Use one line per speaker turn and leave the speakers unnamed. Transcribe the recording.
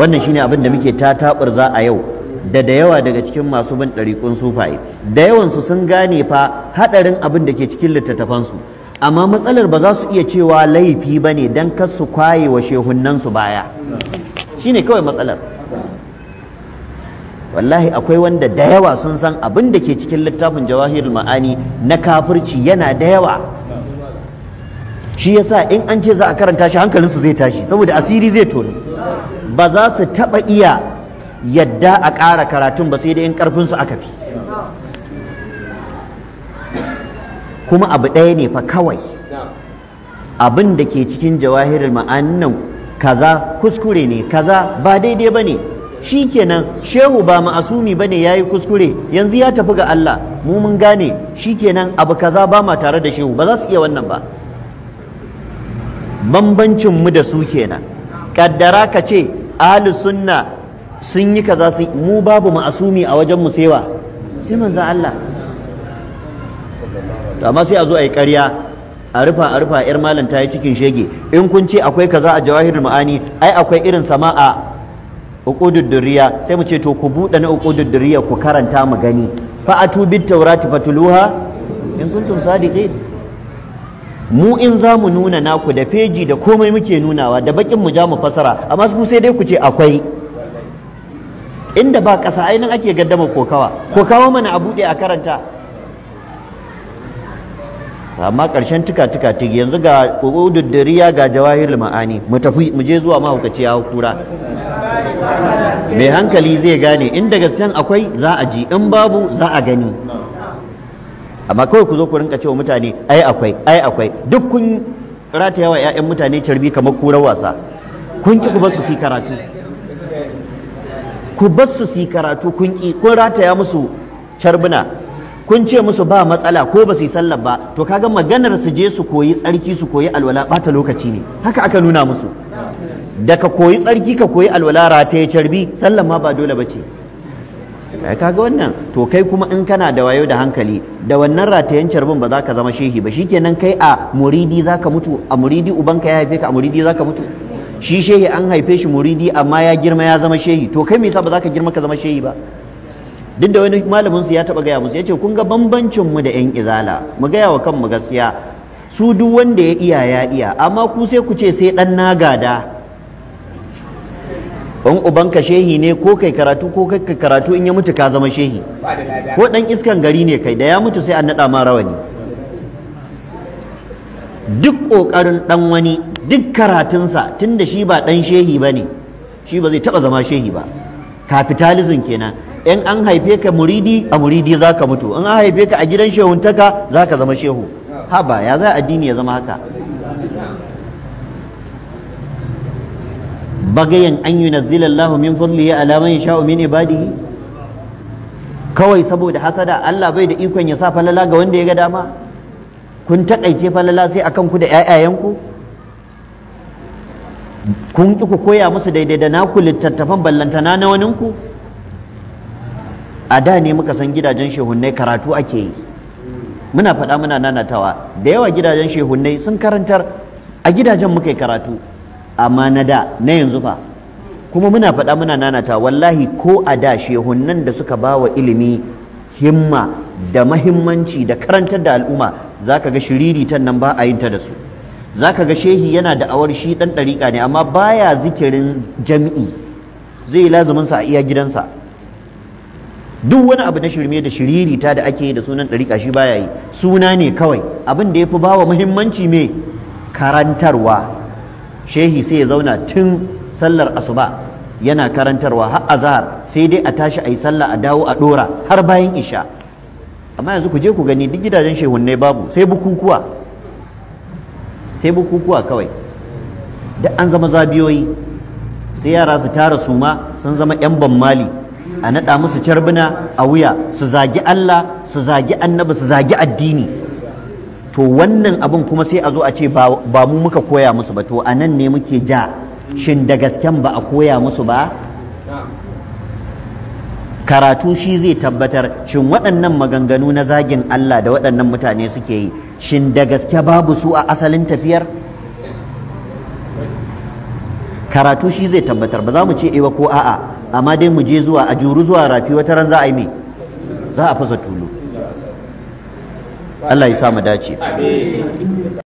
wannan shine abin da muke ta za a yau da da yawa daga cikin masu bin ɗariƙun sufaye da yawan su sun gane fa haɗarin abin da ke cikin littattafansu amma matsalar ba za su iya cewa laifi ba ne don kar su kwaye wa su baya shine kawai matsalar wallahi akwai wanda da yawa sun san abin da ke cikin littafin jawahirul ma'ani na kafirci yana da yawa shi yasa in an ce za a karanta shi hankalinsu zai tashi saboda asiri zai tono ba za su taɓa iya yadda a ƙara karatun ba sai da in ƙarfinsu aka fi kuma abu ɗaya ne fa kawai abin da ke cikin jawahirin ma'annan kaza kuskure ne kaza ba daidai ba ne shi kenan shehu ba ma'asumi ba ne ya yi kuskure yanzu ya tafi ga Allah mu mun gane shi kenan abu kaza ba ma tare da shehu ba za su iya wannan ba bambancin mu da su kenan kaddara ka ce ahli sunna sun yi kaza sun mu babu ma'asumi a wajen mu sewa sai manzo Allah to amma sai a zo a yi ƙarya a rufa a rufa yar malam ta yi cikin shege in kun ce akwai kaza a jawahirul ma'ani ai akwai irin sama a uqudud durriya sai mu ce to ku buɗe na uqudud durriya ku karanta mu gani fa atu bit tawrati fatuluha in kuntum sadiqin mu in za mu nuna naku da feji da komai muke nunawa da bakin mu ja mu fasara amma su sai dai ku ce akwai inda ba ƙasa ainihin ake gaddama kokawa kokawa mana a buɗe a karanta amma ƙarshen tuka tuka yanzu ga duddariya ga jawahir ma'ani mu tafi mu je zuwa mahaukaci ya kura mai hankali zai gane in da akwai za a ji in babu za a gani amma kawai ku zo ku rinka cewa mutane ai akwai ai akwai duk kun rataya wa 'ya'yan mutane carbi kamar kurar wasa kun ki ku basu su karatu ku basu su karatu kun ki kun rataya musu carbuna kun ce musu ba matsala ko ba su yi sallar ba to kaga maganar su je su koyi tsarki su koyi alwala bata lokaci ne haka aka nuna musu da ka koyi tsarki ka koyi alwala rataye carbi sallar ma ba dole ba ce kaga wannan to kai kuma in kana da wayo da hankali da wannan ratayen carbin ba za ka zama shehi ba shikenan kai a muridi za ka mutu a muridi ubanka ya haife ka a muridi za ka mutu shi shehi an haife shi muridi amma ya girma ya zama shehi to kai me yasa ba za ka girma ka zama shehi ba duk da wani malamin su ya taba gaya musu yace kun ga bambancin mu da yan izala mu gaya wa kanmu gaskiya su duk wanda ya iya ya iya amma ku sai ku ce sai dan na gada in ubanka shehi ne ko kai karatu ko kai karatu in ya mutu ka zama shehi ko dan iskan gari ne kai da ya mutu sai an nada ma rawani duk kokarin dan wani duk karatunsa tunda shi ba dan shehi bane shi ba zai taba zama shehi ba capitalism kenan in an haife ka muridi a muridi zaka mutu in an haife ka a gidan shehuntaka zaka zama shehu haba ya za addini ya zama haka Bagayen an yunazzila Allah min fadlihi ala man yasha'u min ibadihi kawai saboda hasada Allah bai da ikon ya sa falala ga wanda ya ga dama kun takaice falala sai akan ku da ƴaƴayenku kun ki ku koya musu daidai da naku littattafan ballantana na waninku a da ne muka san gidajen shehunnai karatu ake yi muna faɗa muna nanatawa da yawa gidajen shehunnai sun karantar a gidajen muka yi karatu amma na da na yanzu fa kuma muna faɗa muna nanata wallahi ko a da shehunan da suka ba wa ilimi himma da mahimmanci da karantar da al'umma za ka ga shiriritan nan ba a yin ta da su za ka ga shehi yana da awar shi ɗan ɗariƙa ne amma baya zikirin jami'i zai yi lazuminsa a iya gidansa duk wani abu na shirme da shiririta da ake yi da sunan ɗariƙa shi baya yi suna ne kawai abin da ya fi bawa mahimmanci me karantarwa shehi sai ya zauna tun sallar asuba yana karantarwa har azhar sai dai a tashi a yi sallah a dawo a dora har bayan isha amma yanzu ku je ku gani duk gidajen shehunne babu sai bukukuwa sai bukukuwa kawai duk an zama zabiyoyi sai yara su tara suma sun zama 'yan mali a naɗa musu carbina a wuya su zagi Allah su zagi annabi su zagi addini to wannan abin kuma sai a zo a ce ba mu muka koya musu ba to a nan ne muke ja shin da gasken ba a koya musu ba karatu shi zai tabbatar shin waɗannan maganganu na zagin Allah da waɗannan mutane suke yi shin da gaske babu su a asalin tafiyar karatu shi zai tabbatar ba za mu ce ewa eh ko a'a amma dai mu je zuwa a juru zuwa rafi wata ran za a yi me za a fasa tulu Allah ya sa mu dace